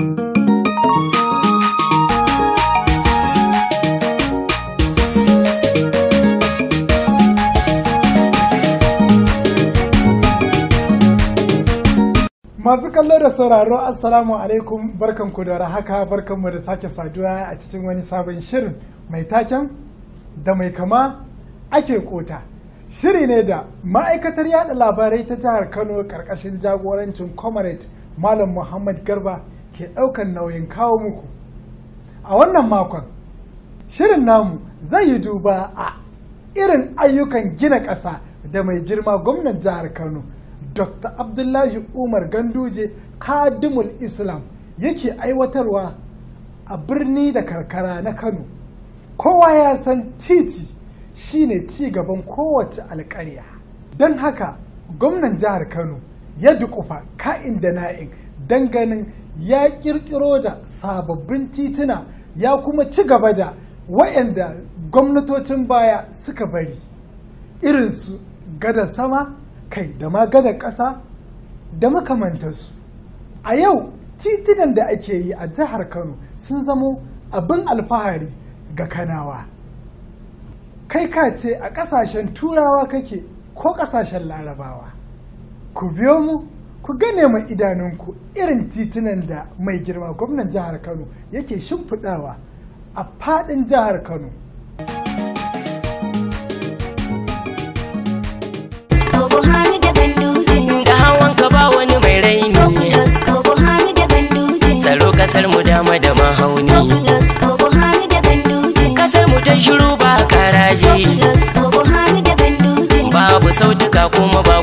masu kallo da sauraro assalamu alaikum barkanku da rahaka barkanmu da sake saduwa a cikin wani sabon shirin mai taken da mai kama ake kota shiri ne da ma'aikatar yada labarai ta jihar kano karkashin jagorancin comrade malam muhammad garba ke ɗaukan nauyin kawo muku a wannan makon shirin namu zai yi duba a irin ayyukan gina ƙasa da mai girma gwamnan jihar kano dr abdullahi umar ganduje kadimul islam yake aiwatarwa a birni da karkara na kano kowa ya san titi shine ci gaban kowace alƙarya. don haka gwamnan jihar kano ya dukufa ka'in da na'in danganin ya kirkiro da sababbin tituna ya kuma ci gaba da wayanda gwamnatocin baya suka bari irinsu gada sama kai da ma gada ƙasa da makamantarsu a yau titunan da ake yi a jihar kano sun zamo abin alfahari ga kanawa kai ka ce a ƙasashen turawa kake ko ƙasashen larabawa ku biyo mu ku gane mai idanunku irin titunan da mai girma gwamnan jihar kano yake shimfiɗawa a faɗin jihar kano tsaro kasar mu dama da mahauni kasar mu ta shiru ba babu sautuka kuma ba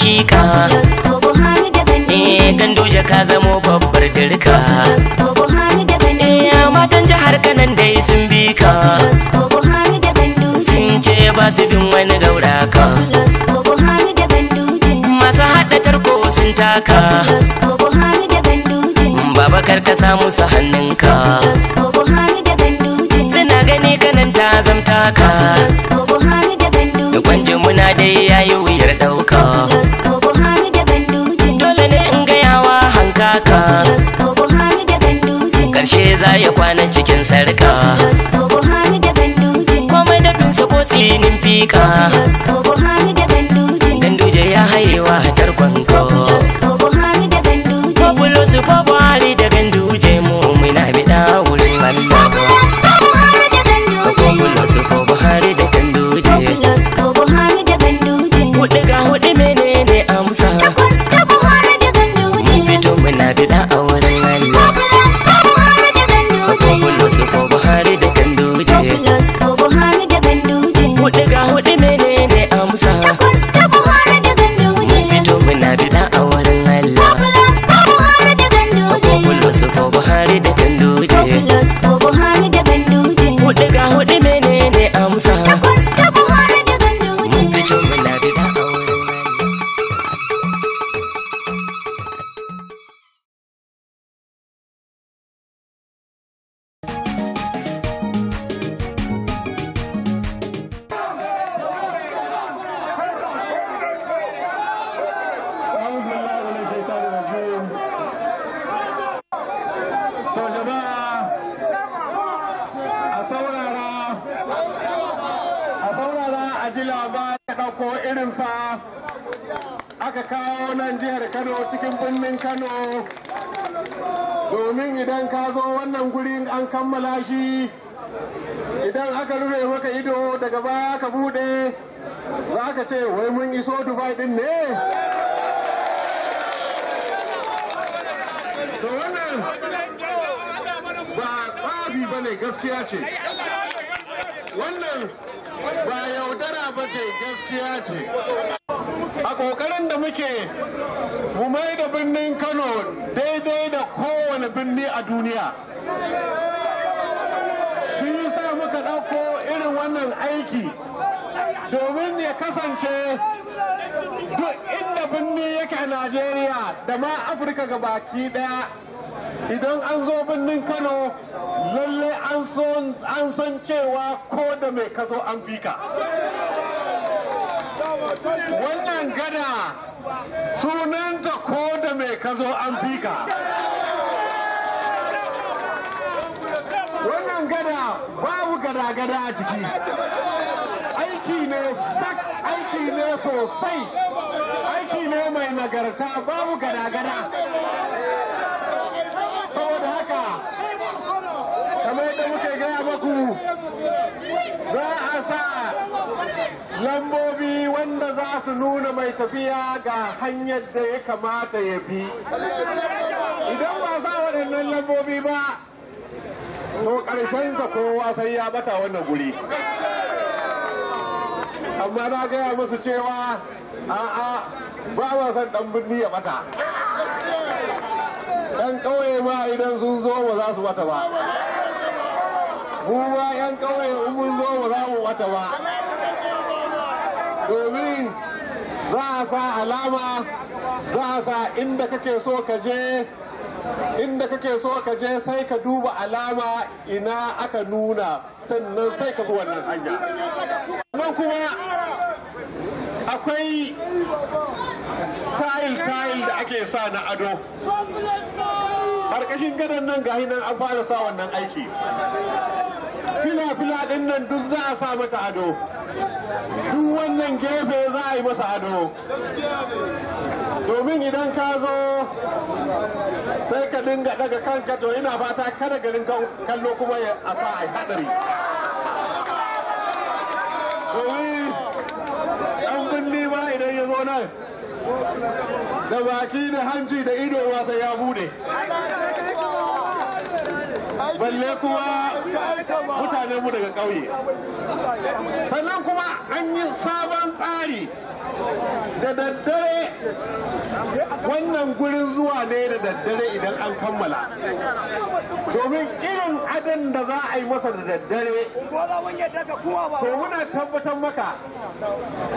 shika eh ganduje ka zamo babbar dirka eh matan jihar kanan dai sun bi ka sun ce ba su bin wani gaura ka masu haɗa tarko sun taka baba kar ka samu su hannunka suna gani kanan ta zamta ka kwanjin muna dai yayi na cikin sarka. Komai da bin sabo tsinin fika. Komai da bin sabo tsinin fika. kila ba ya irin irinsa aka kawo nan jihar Kano cikin birnin Kano domin idan ka zo wannan gurin an kammala shi idan aka rufe maka ido daga baya ka buɗe za ka ce wai mun iso Dubai din ne to wannan ba ba bane gaskiya ce wannan ba yaudara ba gaskiya ce a ƙoƙarin da muke mu mai da birnin kano daidai da kowane birni a duniya shi sa muka ɗauko irin wannan aiki domin ya kasance duk inda birni yake a najeriya da ma afirka gabaki ɗaya idan an zo birnin kano lalle an san cewa ko da mai kazo an fika wannan gada sunanta ko da mai kazo an fika wannan gada babu gada-gada a ciki aiki ne sak aiki ne sosai aiki ne mai nagarta babu gada-gada gaya maku za a sa lambobi wanda za su nuna mai tafiya ga hanyar da ya kamata ya bi idan ba sa waɗannan lambobi ba to ƙarshen ta kowa sai ya bata wannan guri amma na gaya musu cewa a'a ba ma son ɗan birni ya bata ɗan ƙauye ma idan sun zo ba za su bata ba Kuma 'yan ƙauye mun zo ba za mu wata ba. Domin za a sa alama za a sa inda kake so ka je inda kake so ka je sai ka duba alama ina aka nuna sannan sai ka bi wannan hanya sannan kuma akwai tayil-tayil da ake sa na ado karkashin gadon nan ga nan an fara sa wannan aiki fila-fila ɗin nan duk za a sa mata ado duk wannan gefe za a yi masa ado domin idan ka zo sai ka dinga daga kanka to ina fata kada garin kallo kuma a sa a hadari domin ɗan birni ma idan ya zo nan da baki da hanji da ido wasa ya bude balle kuma mutanen mu daga ƙauye sannan kuma an yi sabon tsari da daddare wannan gurin zuwa ne da daddare idan an kammala domin irin adan da za a yi masa da daddare to muna tabbatar maka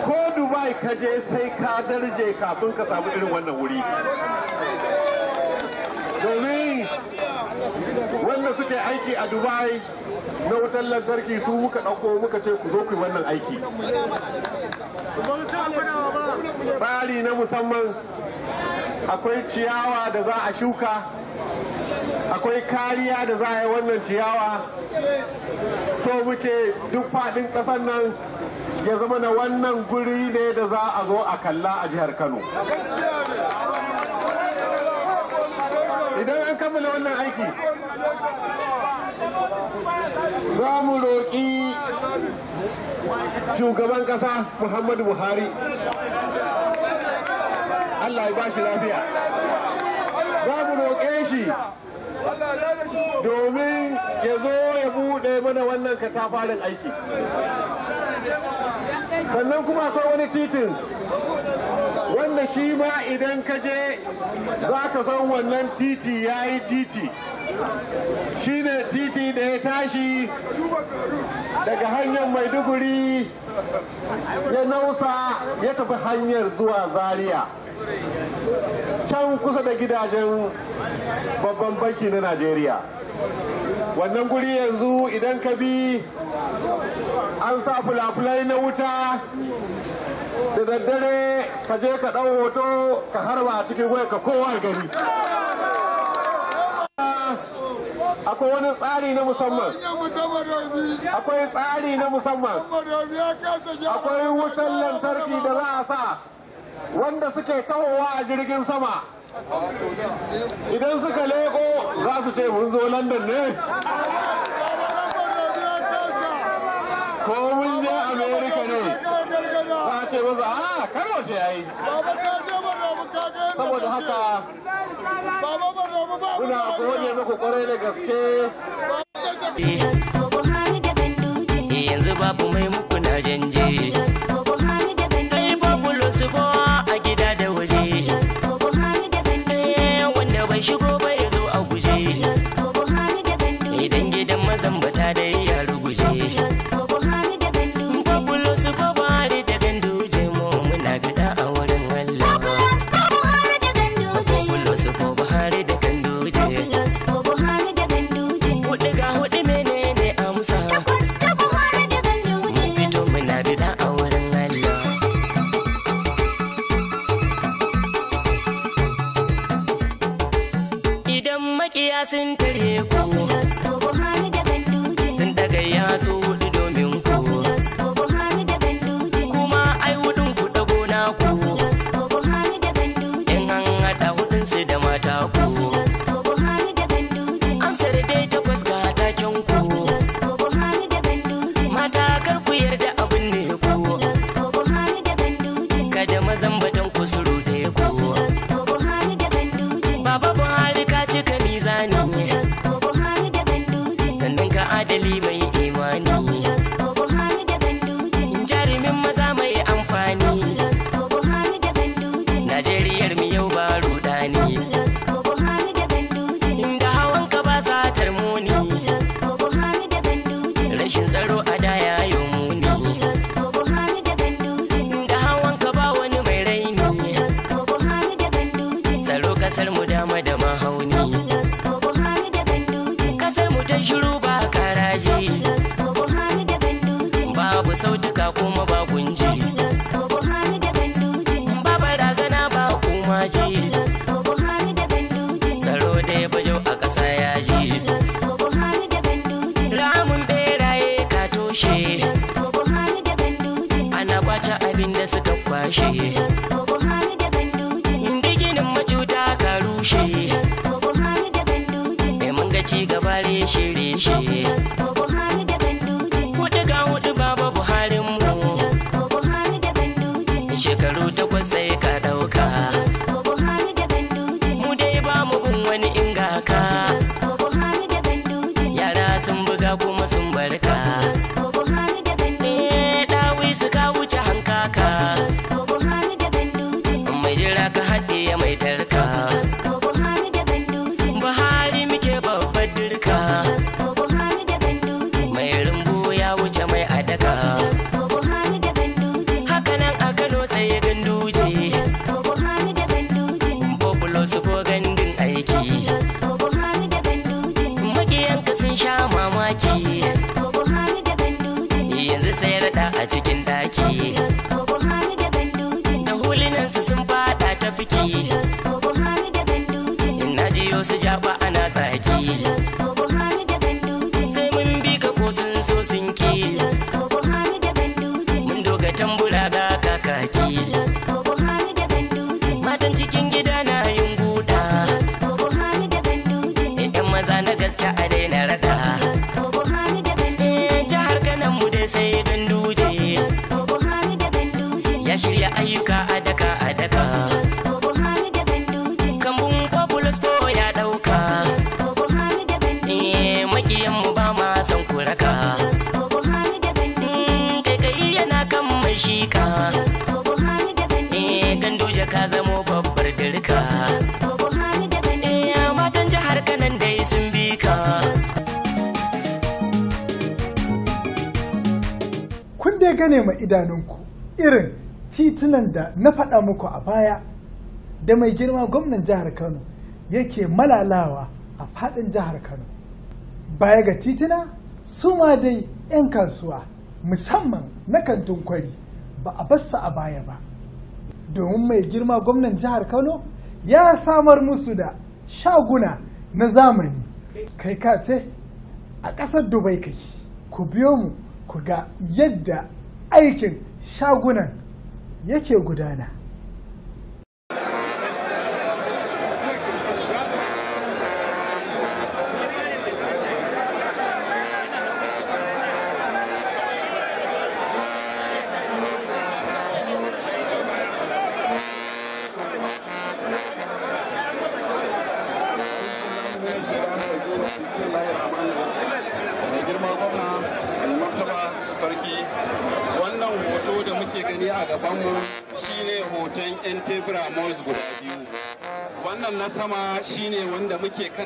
ko dubai ka je sai ka darje kafin ka samu irin wannan wuri domin suka suke aiki a dubai na wutar lantarki su muka ɗauko muka ce ku zo ku wannan aiki tsari na musamman akwai ciyawa da za a shuka akwai kariya da za a yi wannan ciyawa so muke duk faɗin ƙasar nan ya zama na wannan guri ne da za a zo a kalla a jihar kano idan an kammala wannan aiki za mu roƙi shugaban ƙasa muhammadu buhari allah ya bashi lafiya za mu roƙe shi domin ya zo ya buɗe mana wannan katafarin aiki sannan kuma akwai wani titin wanda shi ma idan ka je za ka san wannan titi ya yi titi shi ne titi da ya tashi daga hanyar maiduguri ya nausa ya tafi hanyar zuwa zaria can kusa da gidajen babban banki na najeriya wannan guri yanzu idan ka bi an sa fulafulai na wuta da daddare ka je ka ɗau hoto ka harba a cikin waya ka kowa gari akwai wani tsari na musamman akwai tsari na musamman akwai wutan lantarki da za a sa wanda suke kawowa a jirgin sama idan suka leko za su ce mun zo london ne ko mun je america ne Ah, ce a kano yayi saboda haka muna gode muku kwarai da gaske eh, yanzu babu mai muku na janje Sports. пока. ayyuka a daka a daka kambun kwabulas ko ya ɗauka eh makiyan mu ba ma san kuraka mm, kai kai yana kan mai shika eh ganduje ka zamo babbar dirka eh, jihar kanan dai bi ka kun dai gane ma idanunku irin hotunan da na faɗa muku a baya da mai girma gwamnan jihar kano yake malalawa a faɗin jihar kano baya ga titina su ma dai 'yan kasuwa musamman na kantin kwari ba a bassa a baya ba domin mai girma gwamnan jihar kano ya samar musu da shaguna na zamani kai ka ce a ƙasar dubai kai ku biyo mu ku ga yadda aikin shagunan yake gudana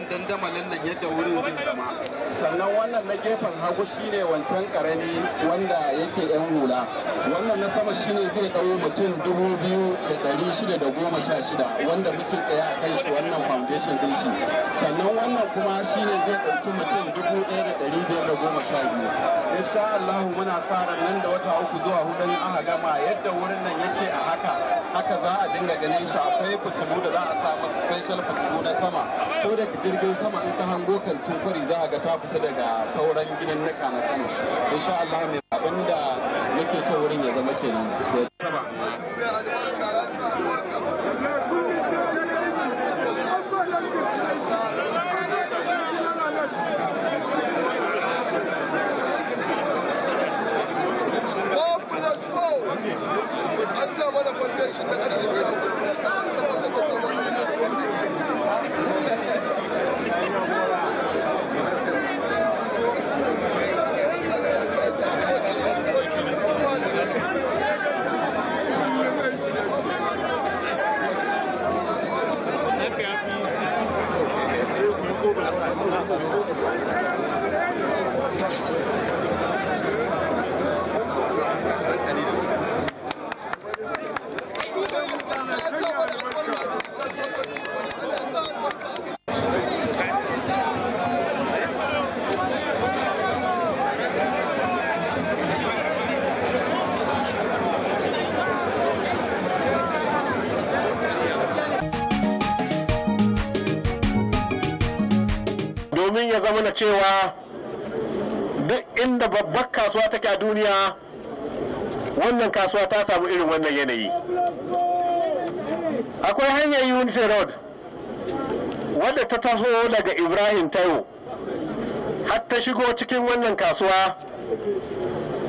dandamalin nan yadda wuri na gefen hagu shine wancan karami wanda yake yan hula wannan na sama shine zai dawo mutum dubu biyu da dari shida da goma sha shida wanda muke tsaye a kan shi wannan foundation din shi sannan wannan kuma shine zai ɗauki mutum dubu ɗaya da dari biyar da goma sha biyu insha Allahu muna sa ran nan da wata uku zuwa hudu aka gama yadda wurin nan yake a haka haka za a dinga ganin shi akwai fitilu da za a sa masa special fitilu na sama ko daga jirgin sama in ka hango kan tufari za a ga ta fita daga sauran gidan na kanakan insha Allah mai abinda muke so wurin ya zama kenan Let's go! an sa mana foundation na arziki a Obrigado. cewa duk inda babbar kasuwa take a duniya wannan kasuwa ta samu irin wannan yanayi akwai hanyar unity road wadda ta taso daga ibrahim tayo har ta shigo cikin wannan kasuwa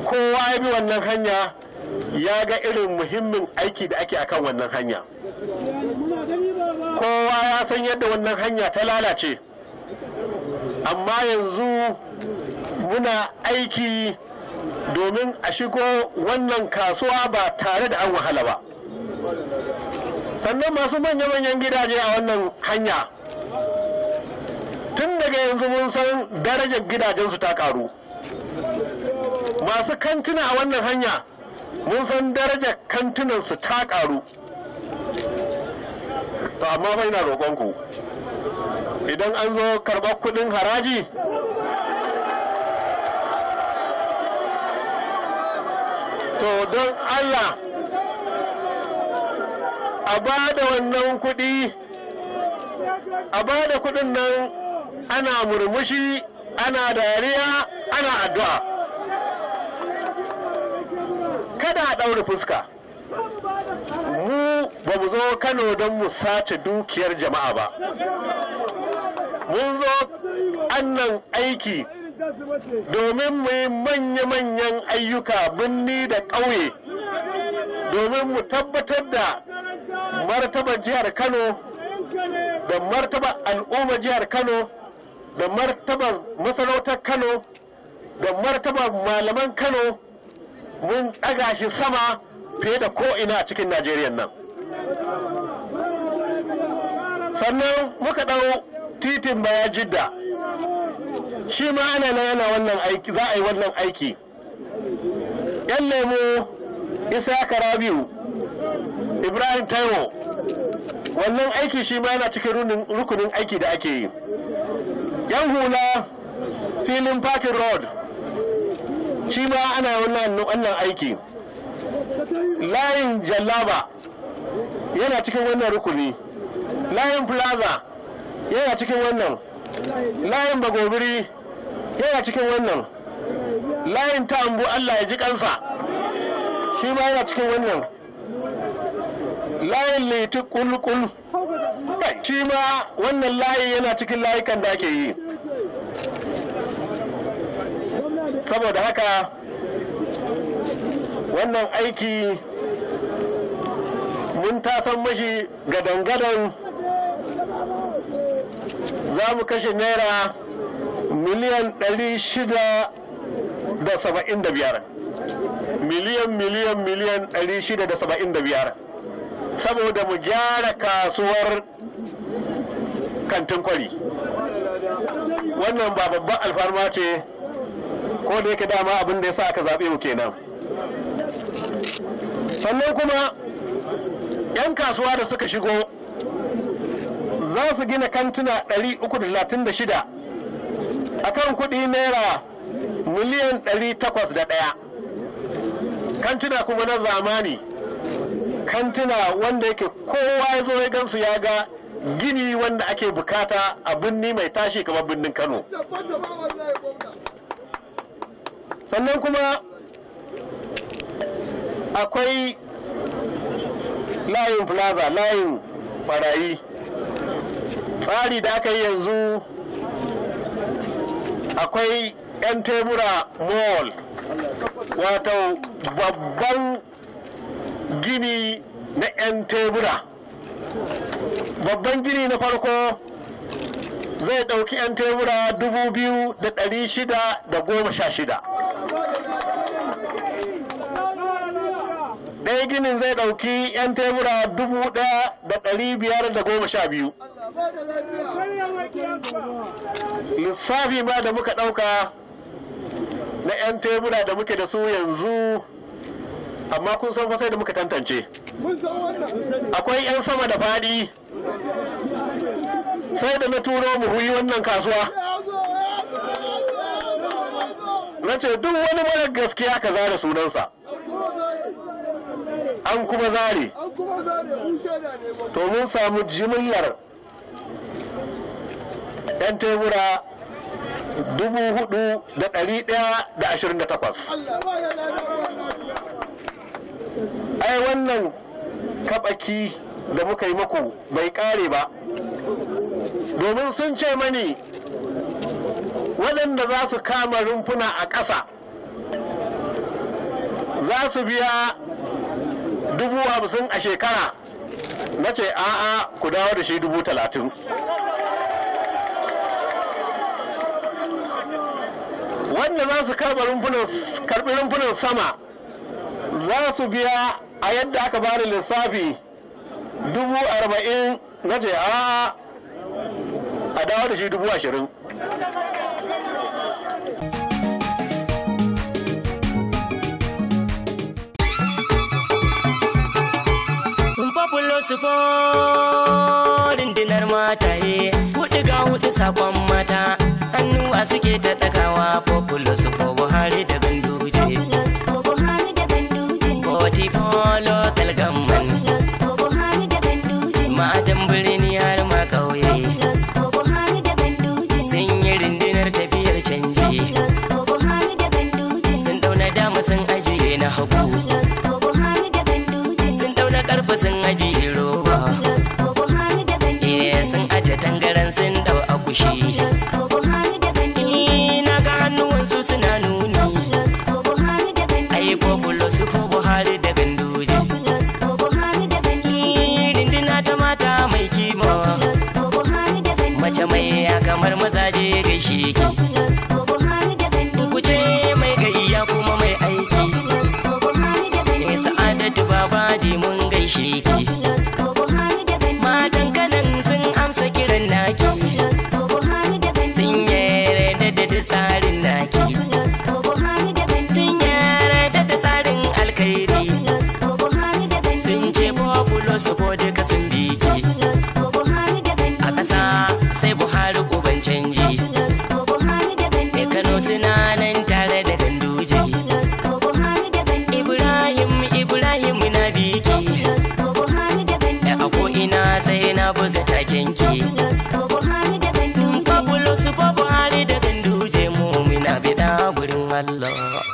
kowa ya bi wannan hanya ya ga irin muhimmin aiki da ake akan wannan hanya kowa ya san yadda wannan hanya ta lalace amma yanzu muna aiki domin a shigo wannan kasuwa ba tare da an wahala ba sannan masu manya-manyan gidaje a wannan hanya tun daga yanzu mun san darajar gidajensu ta karu masu kantuna a wannan hanya mun san darajar kantunansu ta karu to amma fa ina roƙonku idan an zo karɓar kuɗin haraji to don allah a ba da wannan kuɗi a ba da kuɗin nan ana murmushi ana dariya ana addu'a kada a ɗaure fuska mu ba mu zo kano don mu sace dukiyar jama'a ba mun zo annan aiki domin mu yi manya-manyan ayyuka birni da ƙauye domin mu tabbatar da martabar jihar kano da martabar al'umma jihar kano da martabar masarautar kano da martabar malaman kano mun ɗaga shi sama fiye da ko'ina a cikin najeriya nan sannan muka ɗau titin baya jidda shi ma ana yana wannan aiki za a yi wannan aiki yan lemo isa karabiu ibrahim taiwo wannan aiki shi ma yana cikin rukunin aiki da ake yi yan hula filin parkin road shi ma ana wannan aiki layin jallaba yana cikin wannan rukuni layin plaza yana cikin wannan layin bagobiri yana cikin wannan layin ambu Allah ya ji kansa shi ma yana cikin wannan layin laitu kulkul shi ma wannan layi yana cikin layukan da ake yi saboda haka wannan aiki mun tasan mashi gadan-gadan za mu kashe naira miliyan 675 miliyan miliyan miliyan 675 saboda mu gyara kasuwar kantin kwari wannan ba babban alfarma ce ko da yake dama abin da ya sa aka zaɓe mu kenan sannan kuma 'yan kasuwa da suka shigo za su gina kantuna 336 a kan kuɗi naira miliyan 801 kantuna kuma na zamani kantuna wanda yake kowa ya zo ya gansu ya ga gini wanda ake bukata a birni mai tashi kamar birnin kano sannan kuma akwai layin plaza layin barayi tsari da aka yi yanzu akwai 'yan tebura mall wato babban gini na 'yan tebura babban gini na farko zai ɗauki 'yan tebura 2,616 ɗaya ginin zai ɗauki 'yan tebura dubu ɗaya da ɗari biyar da goma sha biyu lissafi ba da muka ɗauka na 'yan tebura da muke da su yanzu amma kun san sai da muka tantance akwai 'yan sama da faɗi sai da na turo mu huyi wannan kasuwa na ce duk wani mara gaskiya ka zara sunansa an kuma zare to mun samu jimillar yan tebura dubu hudu da dari daya da ashirin da takwas ai wannan kabaki da muka yi muku bai kare ba domin sun ce mani waɗanda za su kama rumfuna a ƙasa za su biya dubu hamsin a shekara na ce a'a ku dawo da shi dubu talatin wanda za su karɓi rumfunan sama za su biya a yadda aka bani lissafi dubu arba'in na ce a a dawo da shi dubu ashirin sufo mata mataye hudu ga hudu sakon mata hannu a suke ta tsakawa popular sufo buhari da ganduje I love.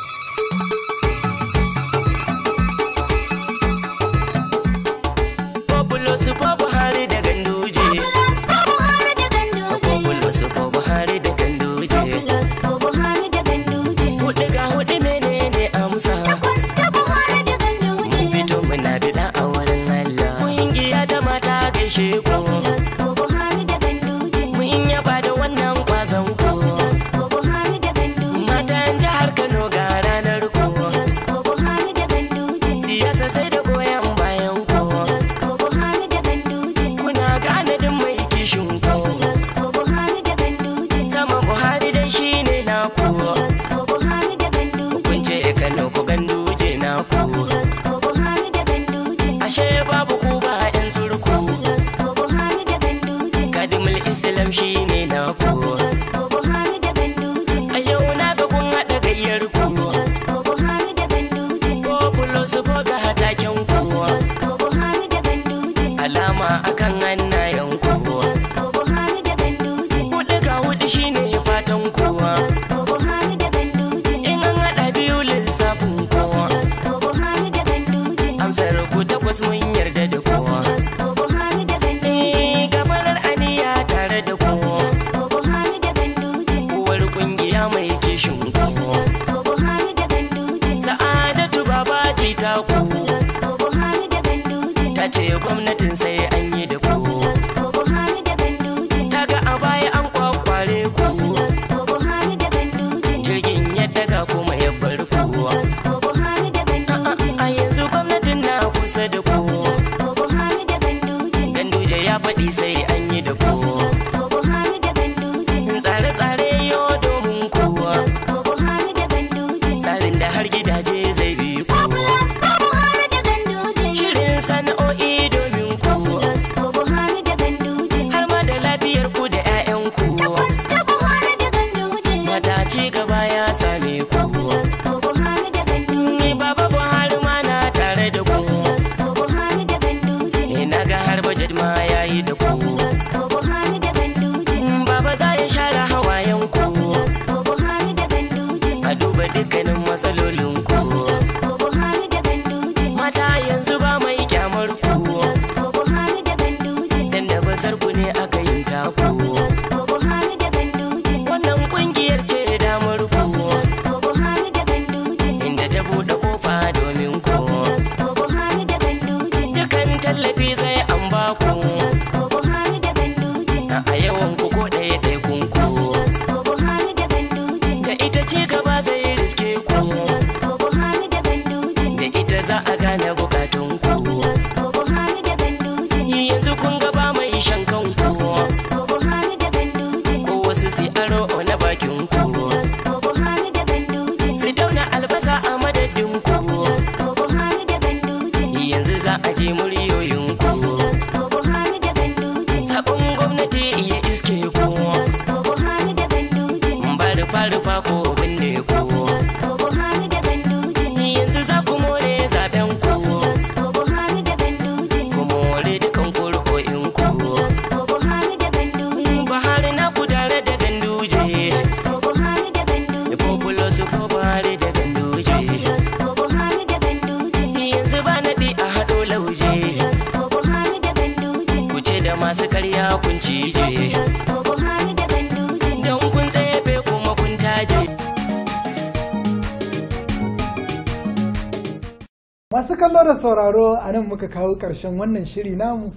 mara sauraro a nan muka kawo ƙarshen wannan shiri namu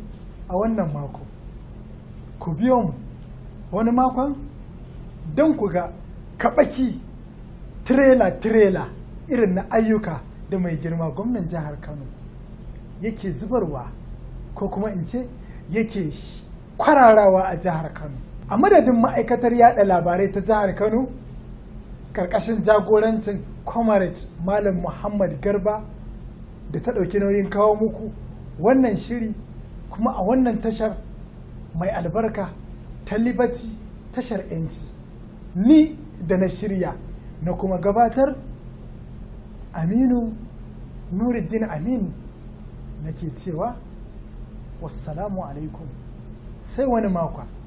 a wannan mako ku biyo mu wani makon don ku ga kaɓaki tirela-tirela irin na ayyuka da mai girma gwamnan jihar kano yake zubarwa ko kuma in ce yake kwararawa a jihar kano a madadin ma'aikatar yada labarai ta jihar kano ƙarƙashin jagorancin comrade malam muhammad garba da ta ɗauki nauyin kawo muku wannan shiri kuma a wannan tashar mai albarka ta liberty tashar 'yanci ni da na shirya na kuma gabatar aminu nuruddin amin ke cewa wassalamu alaikum sai wani makon